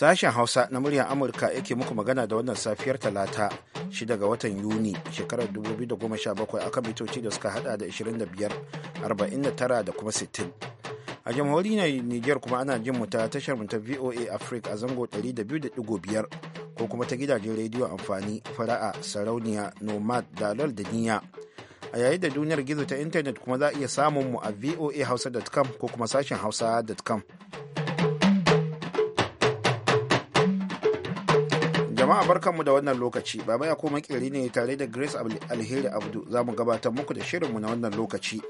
Sashen Hausa na muryar Amurka yake muku magana da wannan safiyar Talata 6 ga watan Yuni shekarar 2017 akan mitoci da suka hada da 25, 49 da kuma 60. A jamhuriyar niger kuma ana jin mu ta tashar mu ta VOA Africa a zango 200.5 ko kuma ta gidajen rediyo amfani fara'a sarauniya nomad da lal da niyya. a yayin da duniyar gizo ta intanet kuma za a iya samun mu a voahausa.com ko kuma sashen hausa.com. Jama'a barkanmu da wannan lokaci, Baba mai ko makiri ne tare da Grace Alheri Abdu za mu gabatar muku da shirinmu na wannan lokaci.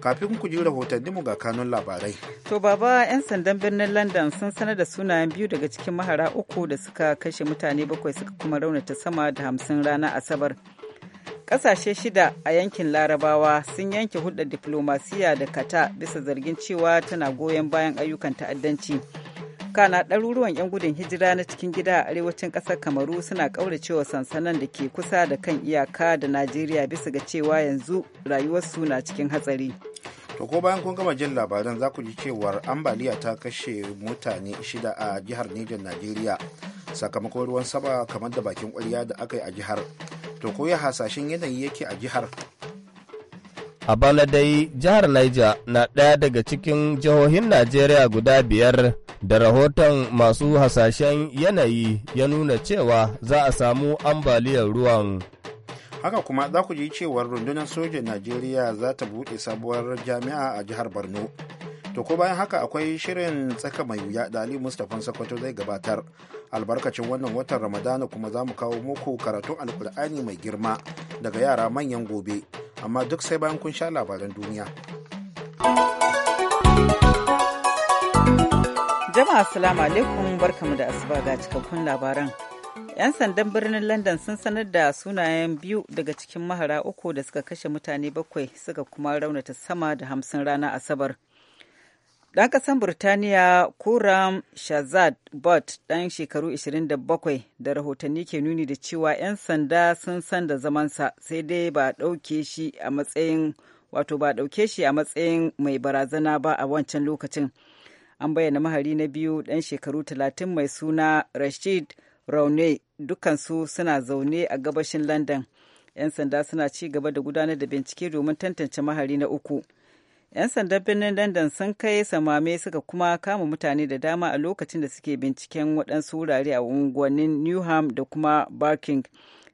Kafin ku ji rahotanninmu ga kanun labarai. To Baba 'yan sandan birnin London sun sanar da sunayen biyu daga cikin mahara uku da suka kashe mutane bakwai suka kuma raunata sama da hamsin rana Asabar. Ƙasashe shida a yankin Larabawa sun yanke hulɗar diflomasiya da Kata bisa zargin cewa tana goyon bayan ayyukan ta'addanci. kana ɗaruruwan 'yan gudun hijira na cikin gida a arewacin ƙasar kamaru suna ƙauracewa sansanan da ke kusa da kan iyaka da najeriya bisa ga cewa yanzu rayuwarsu na cikin hatsari to ko bayan kun gama jin labaran za ku ji cewar ambaliya ta kashe mutane shida a jihar nijar najeriya sakamakon ruwan sama kamar da bakin kwarya da aka yi a jihar to ko ya hasashen yanayi yake a jihar A bana dai jihar Niger na ɗaya daga cikin jihohin Najeriya guda biyar da rahoton masu hasashen yanayi ya nuna cewa za a samu ambaliyar ruwan. Haka kuma za ku ji cewar rundunar sojin Najeriya za ta buɗe sabuwar jami'a a jihar Borno. To ko bayan haka akwai shirin tsaka mai wuya da Ali Mustapha Sokoto zai gabatar. Albarkacin wannan watan Ramadana kuma za mu kawo muku karatun Alkur'ani mai girma daga yara manyan gobe. amma duk sai bayan kun sha labaran duniya. Jama'a Assalamu alaikum barkamu da asuba ga cikakkun labaran. 'Yan sandan birnin London sun sanar da sunayen biyu daga cikin mahara uku da suka kashe mutane bakwai suka kuma raunata sama da hamsin rana Asabar. Ɗan ƙasar Burtaniya Kuram Shazad Bot ɗan shekaru 27 da rahotanni ke nuni da cewa 'yan sanda sun san da zamansa sai dai ba ɗauke shi a matsayin wato ba ɗauke shi a matsayin mai barazana ba a wancan lokacin. An bayyana mahari na biyu ɗan shekaru 30 mai suna Rashid Raune dukansu suna zaune a gabashin London. 'Yan sanda suna ci gaba da gudanar da bincike domin tantance mahari na uku. 'Yan sandan birnin London sun kai samame suka kuma kama mutane da dama a lokacin da suke binciken waɗansu wurare a unguwannin Newham da kuma Barking.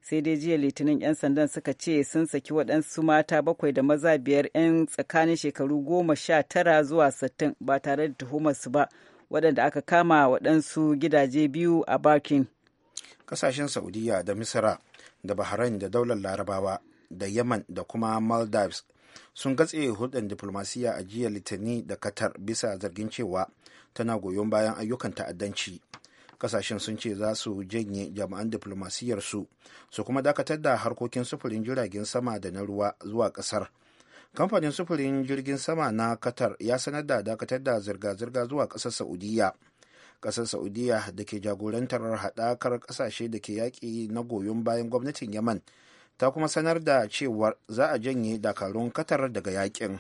Sai dai jiya litinin 'yan sandan suka ce sun saki waɗansu mata bakwai da maza biyar 'yan tsakanin shekaru goma sha tara zuwa sittin ba tare da tuhumarsu ba waɗanda aka kama waɗansu gidaje biyu a Barking. Ƙasashen Saudiya da Misira da Bahrain da daular Larabawa da Yaman da kuma Maldives sun gatse hulɗar diflomasiyya a jiya litani da qatar bisa zargin cewa tana goyon bayan ayyukan ta'addanci kasashen sun ce za su janye jami'an diplomasiyyarsu su kuma dakatar da harkokin sufurin jiragen sama da na ruwa zuwa kasar kamfanin sufurin jirgin sama na qatar ya sanar da dakatar da zirga-zirga zuwa ƙasar saudiya kasar saudiya da ke jagorantar haɗakar kasashe da ke yaƙi na goyon bayan gwamnatin yaman ta kuma sanar da cewa za a janye dakarun katar daga yakin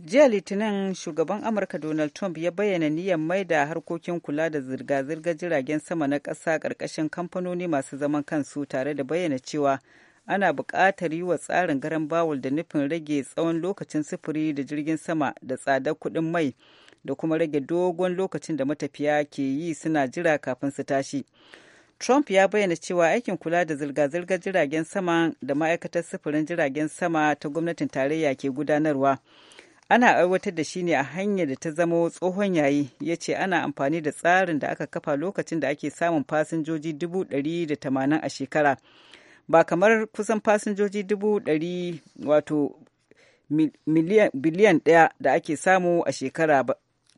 jiya litinin shugaban amurka donald trump ya bayyana niyyar maida harkokin kula da zirga zirga jiragen sama na ƙasa ƙarƙashin kamfanoni masu zaman kansu tare da bayyana cewa ana buƙatar yi wa tsarin garan bawul da nufin rage tsawon lokacin sufuri da jirgin sama da tsada kuɗin mai da kuma rage dogon lokacin da matafiya ke yi suna jira kafin su tashi Trump ya bayyana cewa aikin kula da zirga-zirgar jiragen sama da ma'aikatar sufurin jiragen sama ta gwamnatin tarayya ke gudanarwa. Ana aiwatar da shi ne a hanyar da ta zama tsohon yayi, ya ce ana amfani da tsarin da aka kafa lokacin da ake samun fasinjoji dubu ɗari a shekara. Ba kamar kusan fasinjoji dubu wato biliyan ɗaya da ake samu a shekara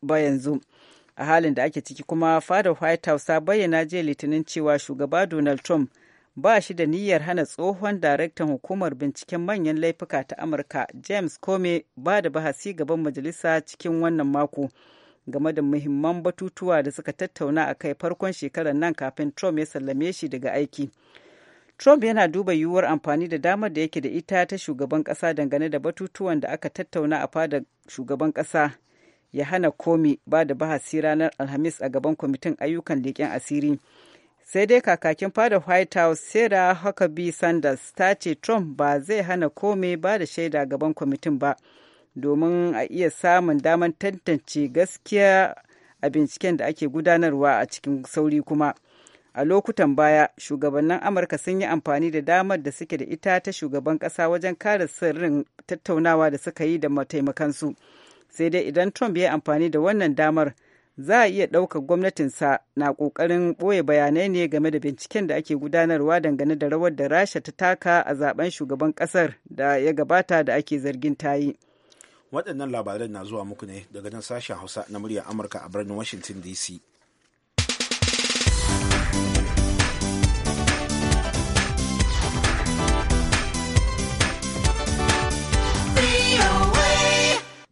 ba yanzu. a halin da ake ciki kuma fadar white house ta bayyana jiya litinin cewa shugaba donald trump ba shi da niyyar hana tsohon daraktan hukumar binciken manyan laifuka ta amurka james comey ba da bahasi gaban majalisa cikin wannan mako game da muhimman batutuwa da suka tattauna a kai farkon shekarar nan kafin trump ya sallame shi daga aiki trump yana duba yiwuwar amfani da damar da yake da ita ta shugaban kasa dangane da batutuwan da aka tattauna a fadar shugaban kasa ya hana komi ba da bahasi ranar alhamis a gaban kwamitin ayyukan leƙen asiri sai dai kakakin fada white house sarah huckabee sanders ta ce trump ba zai hana komi ba da shaida gaban kwamitin ba domin a iya samun damar tantance gaskiya a binciken da ake gudanarwa a cikin sauri kuma a lokutan baya shugabannin amurka sun yi amfani da damar da suke da ita ta shugaban kasa wajen kare sirrin tattaunawa da suka yi da mataimakansu. su sai dai idan Trump ya yi amfani da wannan damar za a iya ɗaukar gwamnatinsa na ƙoƙarin ɓoye bayanai ne game da binciken da ake gudanarwa dangane da rawar da Rasha ta taka a zaben shugaban ƙasar da ya gabata da ake zargin tayi. Waɗannan labaran na zuwa muku ne daga nan sashen Hausa na muryar Amurka a birnin Washington DC.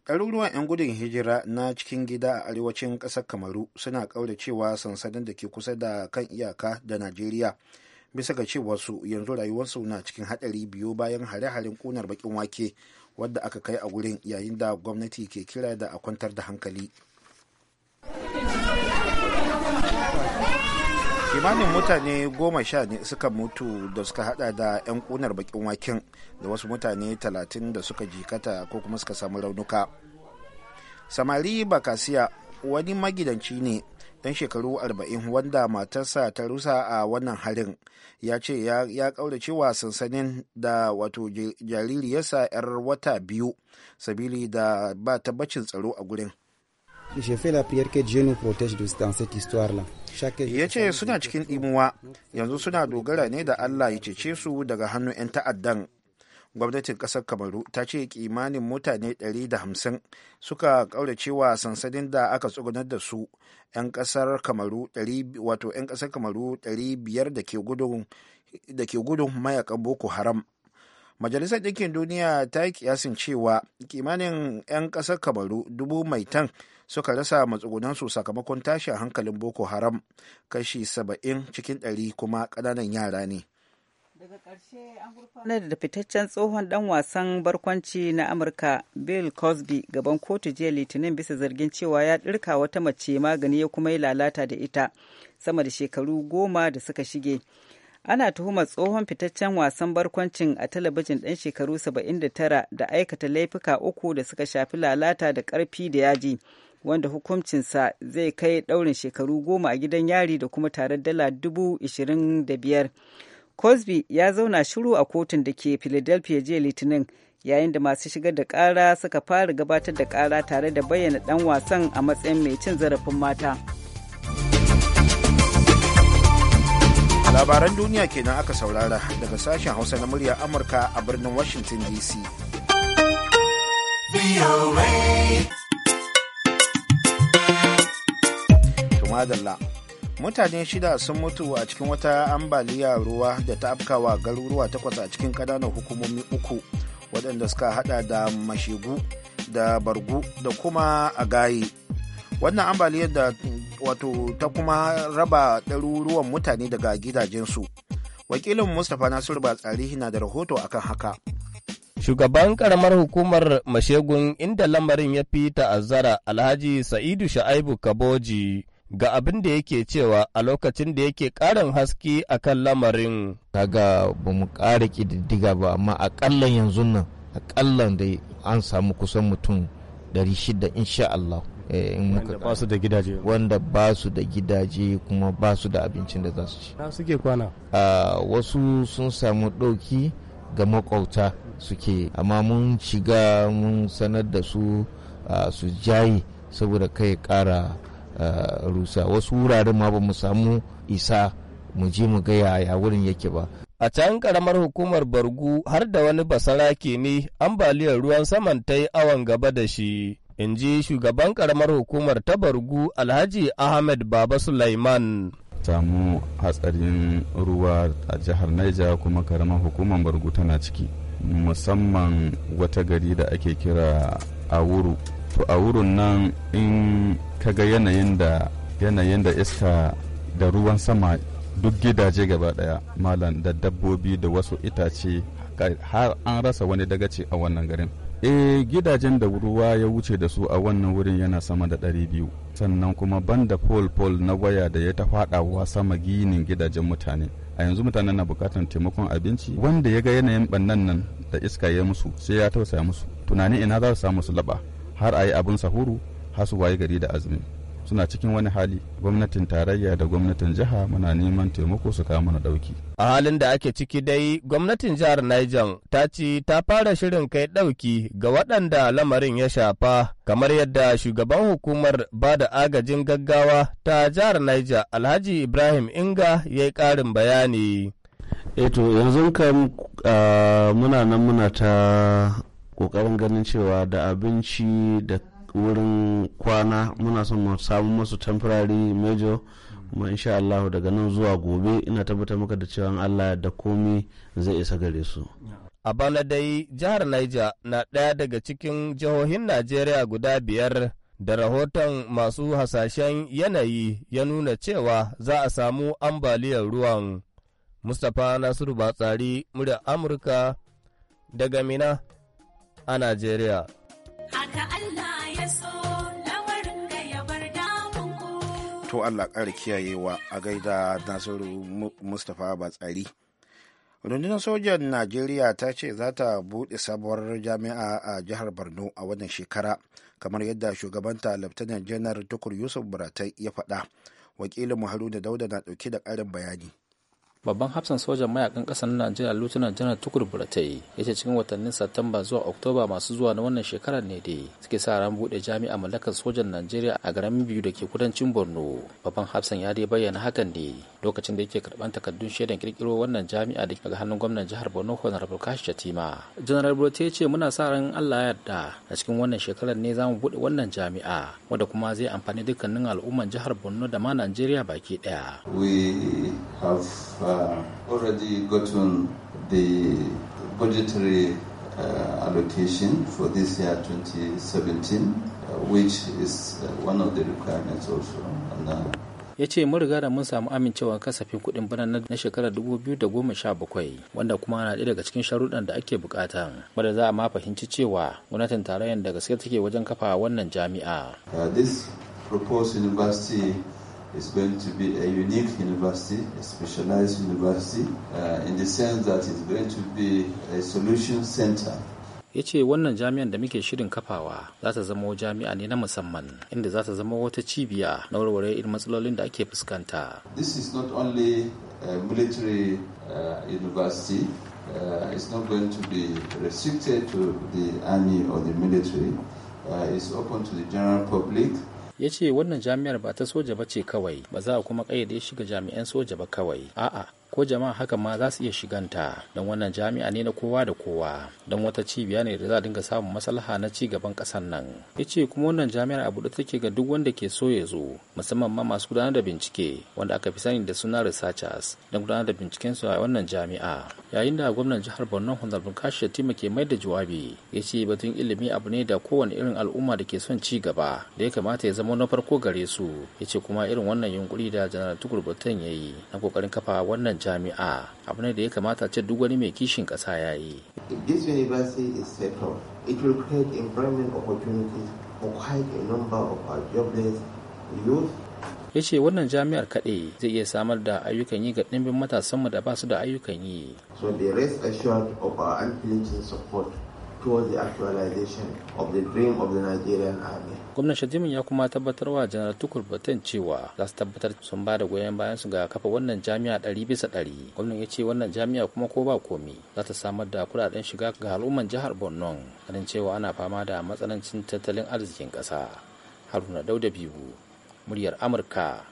ɗaruruwan 'yan gudun hijira na cikin gida a arewacin ƙasar kamaru suna cewa sansanin da ke kusa da kan iyaka da najeriya bisa ga cewarsu yanzu rayuwarsu na cikin haɗari biyu bayan hare-haren ƙunar baƙin wake wadda aka kai a wurin yayin da gwamnati ke kira da a kwantar da hankali kimanin mutane goma sha ne suka mutu da suka hada da 'yan kunar bakin waken da wasu mutane talatin da suka jikata ko kuma suka samu raunuka samari bakasiya wani magidanci ne dan shekaru 40 wanda matarsa ta rusa a wannan harin ya ce ya kaura cewa sansanin da wato jaririyarsa 'yar wata biyu sabili da ba tabbacin tsaro a gurin ya ce suna cikin ɗimuwa yanzu suna dogara ne da allah ya cece su daga hannun 'yan ta'addan gwamnatin ƙasar kamaru ta ce kimanin mutane 150 suka ƙauracewa sansanin da aka tsugunar da su 'yan kasar kamaru 500 da ke gudun mayakan boko haram majalisar ɗinkin duniya ta yi kiyasin cewa kimanin 'yan ƙasar kamaru dubu mai tan suka rasa matsugunansu sakamakon tashi a hankalin boko haram kashi saba'in cikin ɗari kuma ƙananan yara ne daga ƙarshe an da fitaccen tsohon dan wasan barkwanci na amurka bill cosby gaban kotu jiya litinin bisa zargin cewa ya ɗirka wata mace magani ya kuma yi lalata da ita sama da shekaru goma da suka shige ana tuhumar tsohon fitaccen wasan barkwancin a talabijin ɗan shekaru 79 da aikata laifuka uku da suka shafi lalata da karfi da yaji wanda hukuncinsa zai kai ɗaurin shekaru goma a gidan yari da kuma tare dala dubu ishirin da biyar. Cosby ya zauna shiru a kotun da ke Philadelphia jiya Litinin yayin da masu shigar da ƙara suka fara gabatar da kara tare da bayyana ɗan wasan a matsayin mai cin zarafin mata. Labaran duniya kenan aka saurara daga sashen Hausa na murya Amurka a birnin Washington DC. madalla mutane shida sun mutu a cikin wata ambaliya ruwa da ta afkawa garuruwa takwas a cikin ƙananan hukumomi uku waɗanda suka hada da mashigu da bargu da kuma agaye wannan ambaliyar da wato ta kuma raba ɗaruruwan mutane daga gidajensu wakilin mustapha nasiru ba tsarihi na da rahoto akan haka Shugaban karamar hukumar Mashegun inda lamarin ya fi ta'azzara Alhaji Sa'idu Sha'aibu Kaboji ga abin da yake cewa a lokacin da yake ƙarin haske a kan lamarin. Kaga ba mu ƙara ƙididdiga ba amma aƙalla yanzu nan aƙalla da an samu kusan mutum 600 insha Allah. Eh, wanda ba su da gidaje wanda ba su da gidaje kuma ba su da abincin da za su ci. suke kwana? Ah, wasu sun samu ɗauki ga makwauta suke amma mun shiga mun sanar da su ah, su jayi saboda kai ƙara Eh, rusa wasu wuraren ma ba mu samu isa mu je mu ga yaya wurin yake ba a can karamar hukumar bargu har da wani basarake ne ambaliyar ruwan saman ta yi awon gaba da shi in ji shugaban karamar hukumar ta bargu alhaji ahmed baba sulaiman samu hatsarin ruwa a jihar naija kuma karamar hukumar bargu tana ciki musamman wata gari da ake kira awuru to a wurin nan in kaga yanayin da yanayin da iska da ruwan sama duk gidaje gaba daya malam da dabbobi da wasu itace har an rasa wani dagaci a wannan garin Eh gidajen da ruwa ya wuce da su a wannan wurin yana sama da ɗari biyu sannan kuma banda pole pole na waya da ya ta fadawa sama ginin gidajen mutane a yanzu mutane na bukatar taimakon abinci wanda ya ga yanayin bannan nan da iska ya musu sai ya tausaya musu tunanin ina za su samu su laba har a yi abin sahuru har su waye gari da azumi suna cikin wani hali gwamnatin tarayya da gwamnatin jiha muna neman taimako su kawo mana dauki a halin da ake ciki dai gwamnatin jihar niger ta ce ta fara shirin kai dauki ga waɗanda lamarin ya shafa kamar yadda shugaban hukumar ba da agajin gaggawa ta jihar niger alhaji ibrahim inga ya yi ƙarin bayani eto eh yanzu kam ah, muna nan muna ta kokarin ganin cewa da abinci da wurin kwana muna son mu samu masu temporary major kuma insha Allah daga nan zuwa gobe ina tabbatar maka da cewa Allah da komi zai isa gare su a bana dai jihar Niger na ɗaya daga cikin jihohin Najeriya guda biyar da rahoton masu hasashen yanayi ya nuna cewa za a samu ambaliyar ruwan mustapha nasiru batsari murya amurka daga mina a Najeriya. ya so lamarin ya bar To Allah ƙara kiyayewa a gaida Nasiru Mustapha Batsari. rundunar sojan najeriya ta ce za ta buɗe sabuwar jami'a a jihar borno a wannan shekara kamar yadda shugabanta laftanar janar tukur yusuf buratai ya faɗa wakilin haruna dauda na ɗauke da ƙarin bayani babban hafsan sojan mayakan kasar najeriya lieutenant janar tukur buratai ya ce cikin watannin satumba zuwa oktoba masu zuwa na wannan shekarar ne dai suke sa ran bude jami'a mallakar sojan najeriya a garin biyu da ke kudancin borno babban hafsan ya dai bayyana hakan ne lokacin da yake karban takardun shaidan kirkiro wannan jami'a da daga hannun gwamnan jihar borno honorable kashi shatima janar buratai ya ce muna sa ran allah ya yarda a cikin wannan shekarar ne za mu bude wannan jami'a wanda kuma zai amfani dukkanin al'umman jihar borno da ma najeriya baki daya uh, already gotten the budgetary uh, allocation for this year 2017, uh, which is uh, one of the requirements also. And, uh, ya ce mun riga da mun samu amincewa kasafin kudin bana na shekarar 2017 wanda kuma na ɗaya daga cikin sharuɗan da ake bukata wanda za a ma fahimci cewa gwamnatin tarayyar da gaske take wajen kafa wannan jami'a. this proposed university is going to be a unique university, a specialized university, uh, in the sense that it's going to be a solution center. ya ce wannan jami'an da muke shirin kafawa za ta zama jami'a ne na musamman inda za ta zama wata cibiya na warware irin matsalolin da ake fuskanta. This is not only a military uh, university, uh, it's not going to be restricted to the army or the military, uh, it's open to the general public. ya ce wannan jami'ar ba ta soja ba ce kawai ba za a kuma kayyade shi ga jami'an soja ba kawai a'a ko jama'a haka ma za su iya shiganta don wannan jami'a ne na kowa da kowa don wata cibiya ne da za a dinga samun maslaha na ci gaban kasan nan ya ce kuma wannan jami'ar abu da take ga duk wanda ke so ya zo musamman ma masu gudanar da bincike wanda aka fi sani da suna researchers don gudanar da binciken su a wannan jami'a yayin da gwamnan jihar borno honorable kashi yatima ke mai da jawabi ya ce batun ilimi abu ne da kowane irin al'umma da ke son ci gaba da ya kamata ya zama na farko gare su ya ce kuma irin wannan yunkuri da janar tukur ya yi na kokarin kafa wannan jami'a abu ne da ya kamata ce duk wani mai kishin ƙasa ya yi. If this university is set up, it will create employment opportunities for quite a number of our jobless youth ya ce wannan jami'ar kaɗai zai iya samar da ayyukan yi ga ɗimbin matasanmu da ba su da ayyukan yi. So they rest assured of our unflinching support towards the actualization of the dream of the Nigerian army. Gwamnan Shadimin ya kuma tabbatar wa Janar Tukur Batten cewa za su tabbatar sun ba da goyon bayan su ga kafa wannan jami'a ɗari bisa ɗari. Gwamnan ya ce wannan jami'a kuma ko ba komi za ta samar da kuɗaɗen shiga ga al'umman jihar Borno ganin cewa ana fama da matsanancin tattalin arzikin ƙasa. Haruna Dauda Biyu, muryar Amurka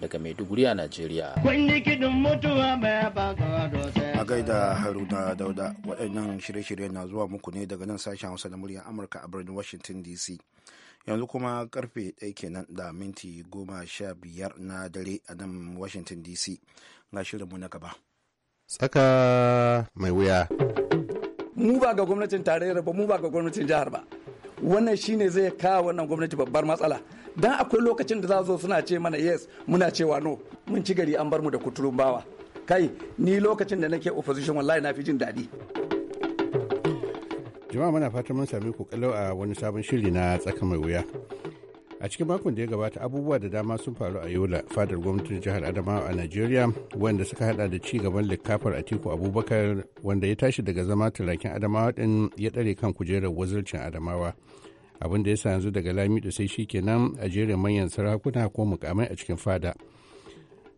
daga Maiduguri a Najeriya. A gaida Haruna Dauda waɗannan shirye-shirye na zuwa muku ne daga nan sashen Hausa na muryar Amurka a birnin Washington DC. Yanzu kuma karfe ɗaya kenan da minti goma sha biyar na dare a nan Washington DC ga shirinmu na gaba. Tsaka mai wuya. Mu ba ga gwamnatin tarayyar ba, mu ba ga gwamnatin jihar ba. wannan shi ne zai kawo wannan gwamnati babbar matsala dan akwai lokacin da za zo suna ce mana yes muna cewa no mun ci gari an bar mu da kuturun bawa kai ni lokacin da nake opposition wallahi na fi jin daɗi jama'a muna fatan mun sami ku kallo a wani sabon shiri na tsaka mai wuya a cikin makon da ya gabata abubuwa da dama sun faru a yola fadar gwamnatin jihar adamawa a najeriya wanda suka hada da ci gaban likkafar atiku abubakar wanda ya tashi daga zama turakin adamawa din ya tsare kan kujerar wazircin adamawa abin da ya sa yanzu daga lamido sai shi kenan a jerin manyan sarakuna ko mukamai a cikin fada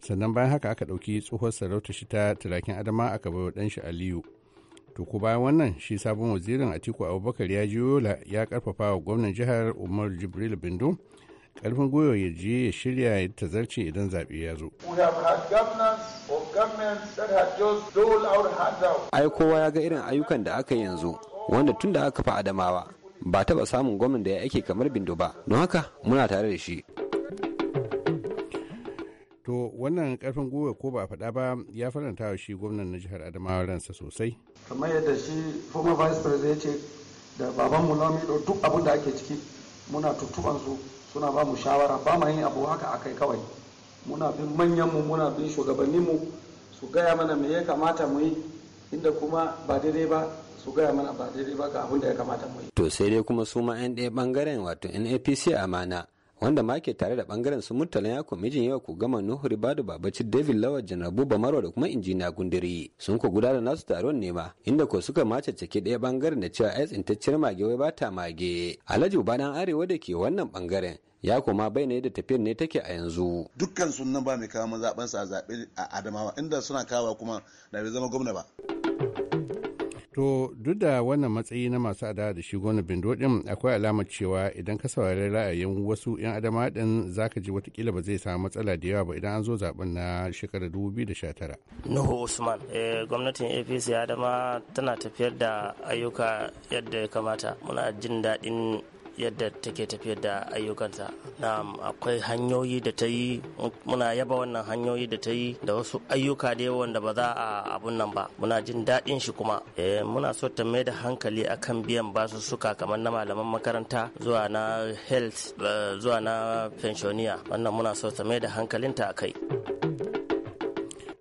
sannan bayan haka aka ɗauki tsohuwar sarauta shi ta turakin Adamawa aka bai wa ɗanshi aliyu to ko bayan wannan shi sabon wazirin atiku abubakar ya ji yola ya karfafa wa gwamnan jihar umar jibril Bindu? karfin gwiwa ya je ya shirya ya tazarce idan zaɓe ya zo. Ai kowa ya ga irin ayyukan da aka yanzu wanda tun da aka fa Adamawa ba taɓa samun gwamnan da ya ake kamar bindo ba don haka muna tare da shi. to wannan karfin gwiwa ko ba a faɗa ba ya faranta wa shi gwamnan na jihar adamawa ransa sosai kamar yadda shi former vice president ya ce da baban mu lamido duk abin da ake ciki muna tuttuban su suna ba mu shawara ba ma yin abu haka a kai kawai muna bin manyanmu muna bin shugabanninmu su gaya mana me ya kamata mu yi inda kuma ba daidai ba su gaya mana ba daidai ba ga abin da ya kamata mu yi. To sai dai kuma su ma 'yan ɗaya ɓangaren wato a amana wanda ma ke tare da bangaren su murtala ku mijin yau ku gama nuhu ribadu babaci david lawal janar buba marwa da kuma injiniya gundiri sun ku da nasu taron nema inda ko suka macece daya bangaren da cewa ai tsintacciyar mage wai bata mage alhaji ubanan arewa da ke wannan bangaren ya koma ne yadda tafiyar ne take a yanzu dukkan sun nan ba mai kawo mazaɓansa a zaɓe a adamawa inda suna kawo kuma da bai zama gwamna ba. To duk da wannan matsayi na masu adawa da shi gona bindo din akwai alamar cewa idan ka saurari ra'ayin wasu 'yan adama din ka ji watakila ba zai samu matsala da yawa ba idan an zo zaben na shekarar 2019. Nuhu Usman, eh, gwamnatin APC Adama tana tafiyar da ayyuka yadda ya kamata. Muna jin daɗin yadda take tafiyar da ayyukanta na akwai hanyoyi da ta yi muna yaba wannan hanyoyi da ta yi da wasu ayyuka da wanda ba za a abun nan ba muna jin daɗin shi kuma eh, muna so ta mai da hankali akan biyan basu suka kamar na malaman makaranta zuwa na health eh, zuwa na pensioniya wannan muna so ta mai da hankalinta a kai.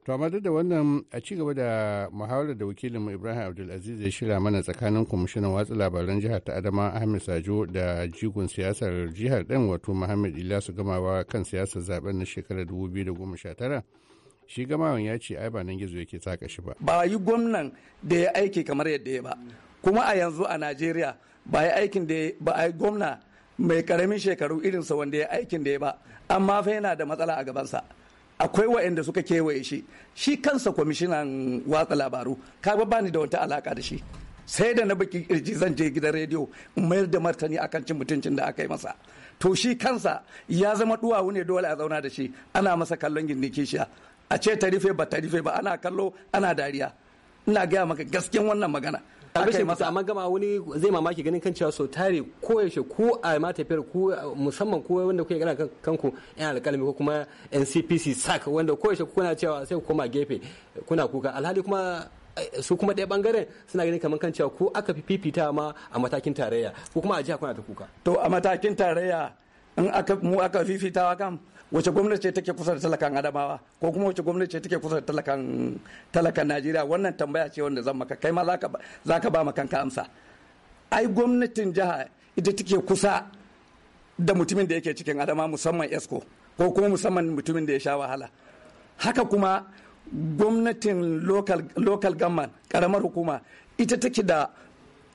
To amma da wannan a ci gaba da muhawarar da wakilinmu Ibrahim Abdulaziz ya shirya mana tsakanin kwamishinan watsa labaran jihar ta Adama Ahmed Sajo da jigon siyasar jihar ɗin wato Muhammad Ilyasu gamawa kan siyasar zaben na shekarar 2019. Shi gamawan ya ce ai ba nan gizo yake saka shi ba. Ba yi gwamnan da ya aiki kamar yadda ya ba. Kuma a yanzu a Najeriya ba yi aikin da ba a yi gwamna mai karamin shekaru irinsa wanda ya aikin da ya ba. Amma fa yana da matsala a gabansa. akwai waɗanda suka kewaye shi shi kansa kwamishinan watsa labaru kaga bani da wata alaka da shi sai da na baki kirji zan je gidan rediyo in mayar da martani akan cin mutuncin da aka yi masa to shi kansa ya zama duwawu ne dole a zauna da shi ana masa kallon gindi kishiya a ce ta rufe ba ta rufe ba ana kallo ana dariya ina gaya maka gasken wannan magana albishin masa amma gama wani zai mamaki ganin kan cewa so tare ko yaushe ko a ma tafiyar ko musamman ko wanda kuke gana kanku yan alƙalami ko kuma NCPC SAC wanda ko yaushe kuna cewa sai ku koma gefe kuna kuka alhali kuma eh, su kuma ɗaya bangaren suna ganin kamar kan cewa ko aka fi fifita ma a matakin tarayya ko kuma a jiha kuna ta kuka to a matakin tarayya in aka mu aka fifitawa kam wace gwamnati ce take kusa da talakan adamawa ko kuma wace gwamnati ce take kusa da talakan talakan najeriya wannan tambaya ce wanda zan maka kai ma za ka ba ma kanka amsa ai gwamnatin jiha ita take kusa da mutumin da yake cikin adama musamman esco ko kuma musamman mutumin da ya sha wahala haka kuma gwamnatin local, local government karamar hukuma ita take da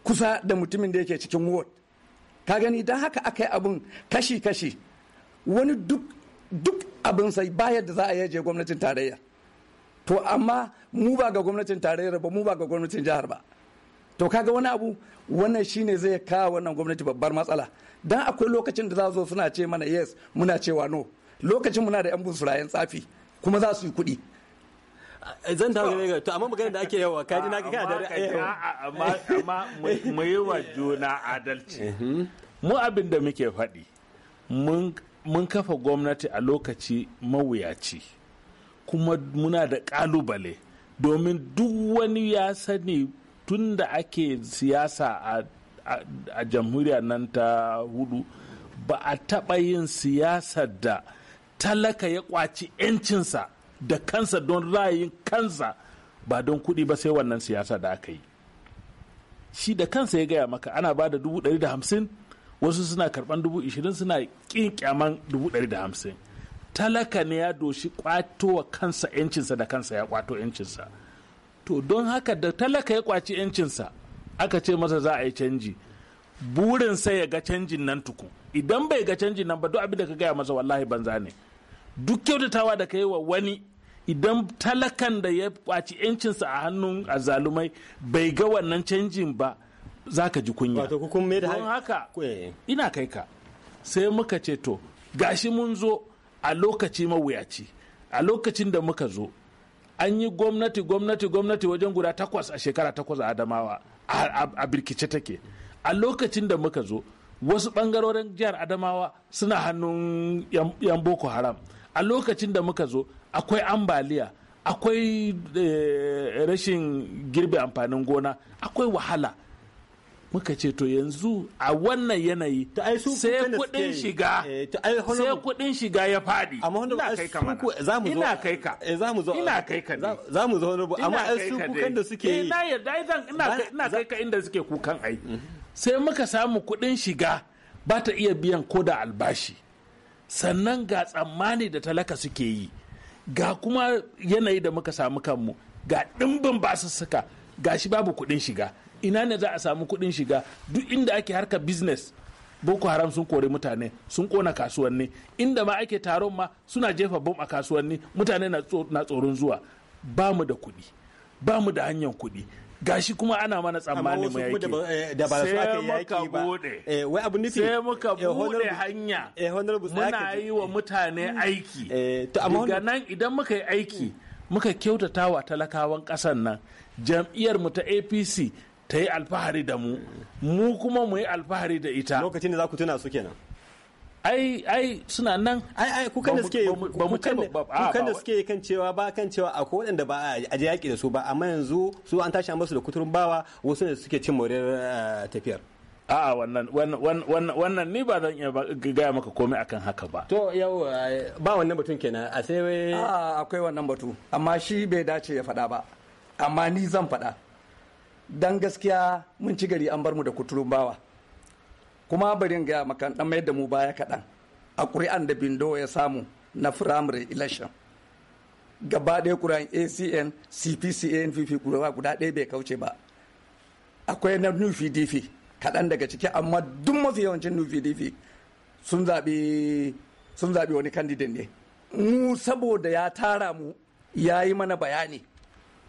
kusa da mutumin da yake cikin ward ka gani don haka aka yi abin kashi-kashi wani duk duk abin sai bayar da za a yaje gwamnatin tarayya to amma mu ba ga gwamnatin tarayyar ba mu ba ga gwamnatin jihar ba to kaga wani abu wannan shine zai kawo wannan gwamnati babbar matsala dan akwai lokacin da za zo suna ce mana yes muna cewa no lokacin muna da yan busurayen tsafi kuma za su yi kuɗi eh, zan ta gane ga to amma magana da ake yawa kaji na ga da amma amma mu yi wa juna adalci mhm. mu abin da muke faɗi mun mun kafa gwamnati a lokaci mawuyaci kuma muna da kalubale domin duk wani ya sani tunda ake siyasa a, a, a jamhuriyar nan ta hudu ba a taɓa yin siyasa da talaka ya kwaci 'yancinsa da kansa don ra'ayin kansa ba don kuɗi ba sai wannan siyasa da aka yi shi da kansa ya gaya maka ana ba da 150 wasu suna karban dubu ishirin suna kin kyaman dubu ɗari da hamsin talaka ne ya doshi kwato wa kansa yancinsa da kansa ya kwato yancinsa to don haka da talaka ya kwaci yancinsa aka ce masa za a yi canji burin sai ya ga canjin nan tuku idan bai ga canjin nan ba duk abin da ka gaya masa wallahi banza ne duk kyautatawa da ka yi wa wani idan talakan da ya kwaci yancinsa a hannun azalumai bai ga wannan canjin ba za ka ji kunya da haka eh, eh. ina kai ka sai muka ce to gashi mun zo a lokaci mawuyaci a lokacin da muka zo an yi gwamnati gwamnati gwamnati wajen guda takwas a shekara takwas a adamawa a birkice take a lokacin da muka zo wasu bangarorin jihar adamawa suna hannun yan boko haram a lokacin da muka zo akwai ambaliya akwai eh, rashin girbe amfanin gona akwai wahala muka ce to yanzu a wannan yanayi sai kuɗin shiga eh, sai kuɗin shiga ya faɗi ina kai ka mana eh, ina kai ka ina kai ka za mu zo wani amma ai su kukan da suke eh, yi ina yarda ina kai ka inda suke kukan ai mhm. sai muka samu kuɗin shiga ba ta iya biyan ko da albashi sannan ga tsammani da talaka suke yi ga kuma yanayi da muka samu kanmu ga ɗimbin suka gashi babu kuɗin shiga ina ne za a samu kuɗin shiga duk inda ake harkar business boko haram sun kori mutane sun kona kasuwanni inda ma ake taron ma suna jefa bom a kasuwanni mutane na tsoron zuwa ba mu da kuɗi ba mu da hanyar kuɗi gashi kuma ana mana tsammanin mu yake sai muka bude sai muka bude hanya eh, muna yi wa mutane aiki eh, daga nan idan muka yi aiki muka kyautatawa talakawan ƙasar nan jam'iyyar mu ta apc ta yi alfahari da mu mu kuma mu yi alfahari da ita lokacin da za ku tuna su kenan ai ai suna nan ai ai kukan da suke kukan da suke kan cewa ba kan cewa akwai waɗanda ba a je yaƙi da su ba amma yanzu su an tashi musu da kuturin bawa wasu ne suke cin moriyar eh, tafiyar a'a wannan wannan ni ba zan iya gaya maka komai akan haka ba to yau eh, ba wannan batun kenan a sai akwai wannan batu amma shi bai dace ya faɗa ba amma ni zan faɗa dan gaskiya mun ci gari an bar mu da kuturun bawa kuma bari ga makan dan mai da mu baya kaɗan a ƙuri'an da bindo ya samu na firamare election gaba ɗaya ƙuri'an acn cpc npp ƙuri'a guda ɗaya bai kauce ba akwai na new pdp kaɗan daga ciki amma duk mafi yawancin new pdp sun zaɓi sun zaɓi wani candidate ne mu saboda ya tara mu ya yi mana bayani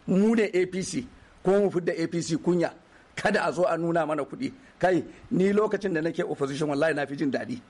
mu ne apc ko mu fidda apc kunya kada a zo a nuna mana kuɗi kai ni lokacin da nake opposition wallahi na fi jin daɗi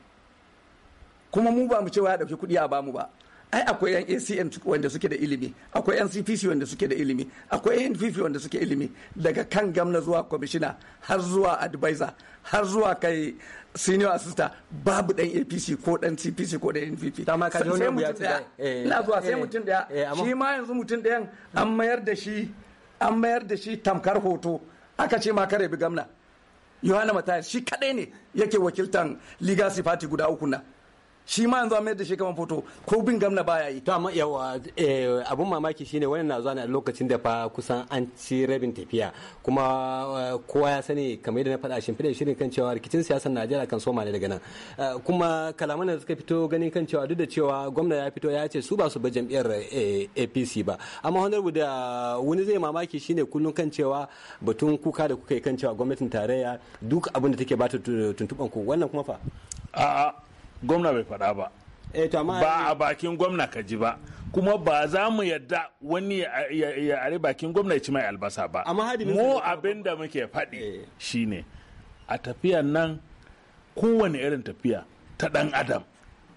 kuma mu ba mu cewa ya ɗauki kuɗi a bamu ba ai akwai yan acn wanda suke da ilimi akwai yan cpc wanda suke da ilimi akwai yan npp wanda suke ilimi daga kan gamna zuwa kwamishina har zuwa advisor har zuwa kai senior assistant babu dan apc ko dan cpc ko dan npp eh, eh, eh, sai mutum daya na zuwa sai mutum daya shi ma yanzu mutum dayan an mayar da shi an mayar da shi tamkar hoto aka ce ma kare bi gamna yohana matayar shi kadai ne yake wakiltan legacy party guda uku na shi ma yanzu a mayar da shi kamar foto ko bin gamna baya yi to yawa eh, abun mamaki shine wannan na zuwa ne a lokacin da fa kusan an ci rabin tafiya kuma eh, kowa ya sani kamar yadda na faɗa shin fide shirin kan cewa rikicin siyasar Najeriya kan soma ne daga nan eh, kuma kalaman da suka fito ganin kan cewa duk da cewa gwamna ya fito ya ce su ba su ba jam'iyyar APC ba amma honorable da wani zai mamaki shine kullum kan cewa batun kuka da kuka yi kan cewa gwamnatin tarayya duk abin da take ba ta tuntuɓan ku wannan kuma fa gwamna bai faɗa ba eh, ba a bakin gwamna ka ji ba kuma ba za mu yadda wani ya are bakin gwamna ya ci mai albasa ba mu abin da muke faɗi eh. shine a tafiya nan kowane irin tafiya ta ɗan adam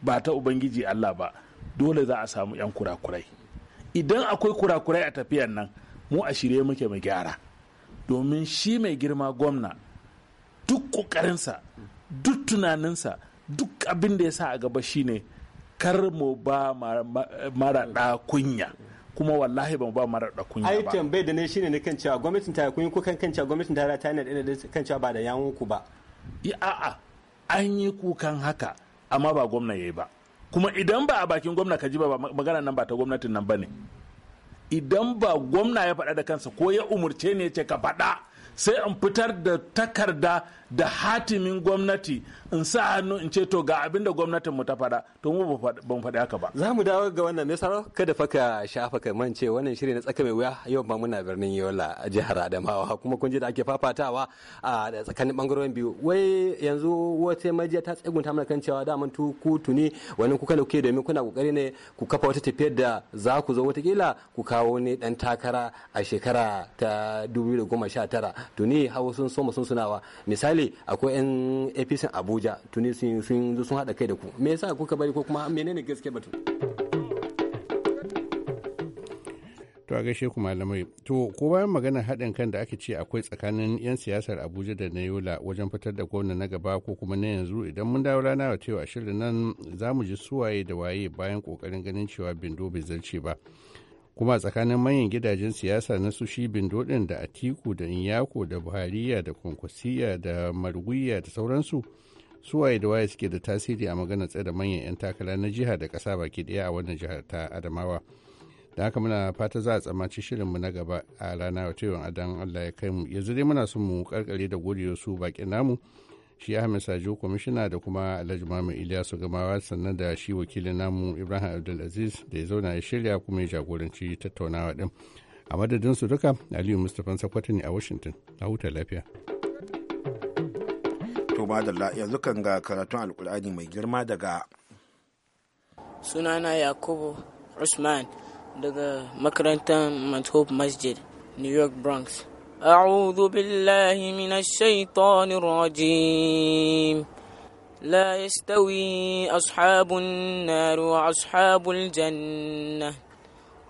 ba ta ubangiji allah ba dole za a samu 'yan kurakurai idan akwai kurakurai a tafiyan nan mu a shirye muke mu gyara domin shi mai girma gwamna duk ƙoƙarinsa duk tunaninsa duk abin da ya sa a gaba shine kar mu ba mara da kunya kuma wallahi ban ba mara da kunya ba ai tambayar da ne shine ne kan cewa gwamnatin ta kun ko kan cewa gwamnatin ta ta ne da kan cewa ba da yawon ku ba a an yi kukan haka amma ba gwamna yayi ba kuma idan ba a bakin gwamna ka ji ba magana nan ba ta gwamnatin nan bane idan ba gwamna ya faɗa da kansa ko ya umurce ne ya ce ka faɗa sai an fitar da takarda da hatimin gwamnati in sa hannu in ce to ga abin da gwamnatin mu ta fada to mu ba mu faɗi haka ba za mu dawo ga wannan ne saro kada fa ka shafa ka mance wannan shiri na tsaka mai wuya yau ba muna birnin Yola a jihar Adamawa kuma kun ji da ake fafatawa a tsakanin bangarorin biyu wai yanzu wata majiya ta tsegunta mana kan cewa da mun tuku tuni wani kuka kuke domin kuna kokari ne ku kafa wata tafiyar da za ku zo watakila ku kawo ne dan takara a shekara ta 2019 tuni hawa sun soma sun sunawa misali akwai yan APC Abuja abuja tuni sun sun haɗa kai da ku me yasa kuka bari ko kuma menene gaske batun to a gaishe ku malamai to ko bayan maganar haɗin kan da ake ce akwai tsakanin 'yan siyasar abuja da na yola wajen fitar da gwamna na gaba ko kuma na yanzu idan mun dawo rana wa cewa shirin nan za mu ji suwaye da waye bayan kokarin ganin cewa bindo bai zarce ba kuma tsakanin manyan gidajen siyasa na sushi bindo din da atiku da inyako da buhariya da kwankwasiya da marguya da sauransu su waye da waye suke da tasiri a magana tsaye da manyan 'yan takara na jiha da kasa baki ɗaya a wannan jihar ta adamawa da haka muna fata za a tsammaci mu na gaba a rana wata yawan adan allah ya kai mu yanzu dai muna son mu karkare da gode su bakin namu shi ahmed sajo kwamishina da kuma alhaji mamu iliyasu gamawa sannan da shi wakilin namu ibrahim abdulaziz da ya zauna ya shirya kuma ya jagoranci tattaunawa din a madadin su duka aliyu mustapha sakwato ne a washington a huta lafiya madalla yanzu kan ga karatun alkur'ani mai girma daga sunana yakubu usman daga makarantar mathop masjid new york bronx أعوذ بالله من الشيطان الرجيم لا يستوي أصحاب النار وأصحاب الجنة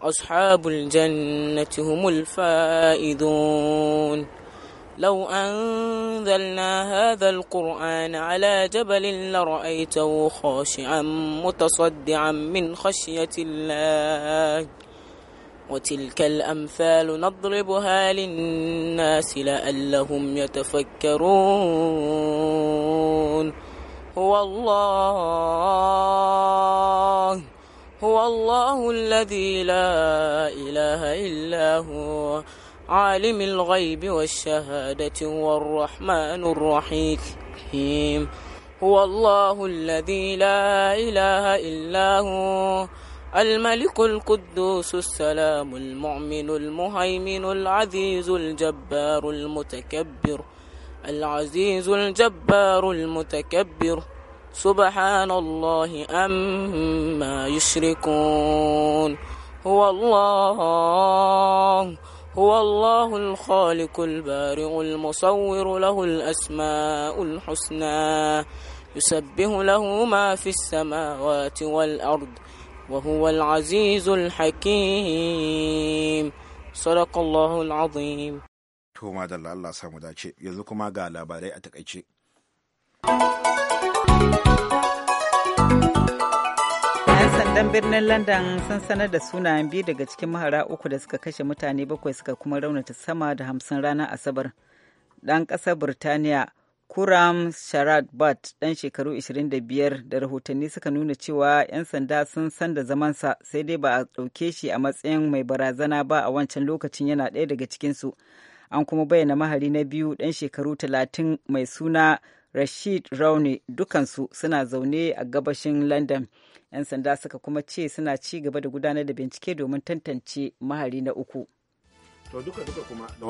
أصحاب الجنة هم الفائزون لو أنزلنا هذا القرآن على جبل لرأيته خاشعا متصدعا من خشية الله وتلك الأمثال نضربها للناس لعلهم يتفكرون هو الله هو الله الذي لا إله إلا هو عالم الغيب والشهادة هو الرحمن الرحيم هو الله الذي لا إله إلا هو الملك القدوس السلام المؤمن المهيمن العزيز الجبار المتكبر العزيز الجبار المتكبر سبحان الله أما يشركون هو الله هو الله الخالق البارئ المصور له الأسماء الحسنى يسبه له ما في السماوات والأرض وهو العزيز الحكيم صدق الله العظيم to madalla Allah samu dace yanzu kuma ga labarai a takaice. dan birnin london sun sanar da sunayen biyu daga cikin mahara uku da suka kashe mutane bakwai suka kuma raunata sama da hamsin ranar asabar dan ƙasar birtaniya kuram sharad bat dan shekaru 25 da rahotanni suka nuna cewa 'yan sanda sun san da zamansa sai dai ba a ɗauke shi a matsayin mai barazana ba a wancan lokacin yana ɗaya daga cikinsu an kuma bayyana mahari na biyu ɗan shekaru 30 mai suna rashid rauni dukansu suna zaune a gabashin london 'yan sanda suka kuma ce suna ci gaba da gudanar da bincike domin tantance mahari na uku to duka duka da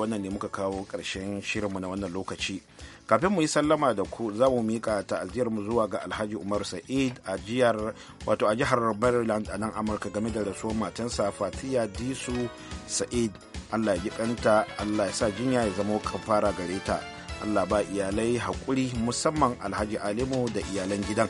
wannan ne muka kawo karshen mu na wannan lokaci kafin mu yi sallama da ku za mu mika ta'aziyar mu zuwa ga Alhaji Umar Sa'id a jihar wato a jihar Maryland a nan Amurka game da rasuwar matansa Fatiya Disu Sa'id Allah ya ji Allah ya sa jinya ya zama kafara gare ta Allah ba iyalai haƙuri musamman Alhaji Alimu da iyalan gidan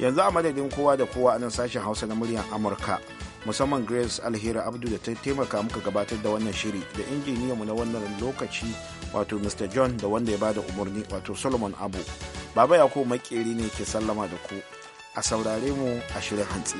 yanzu a madadin kowa da kowa a nan sashen hausa na muryar amurka musamman grace alheri abdu da ta taimaka muka gabatar da wannan shiri da mu na wannan lokaci wato mr john da wanda ya bada umarni wato solomon abu baba yakubu makeri ne ke sallama da ku a saurare mu a shirin hantsi.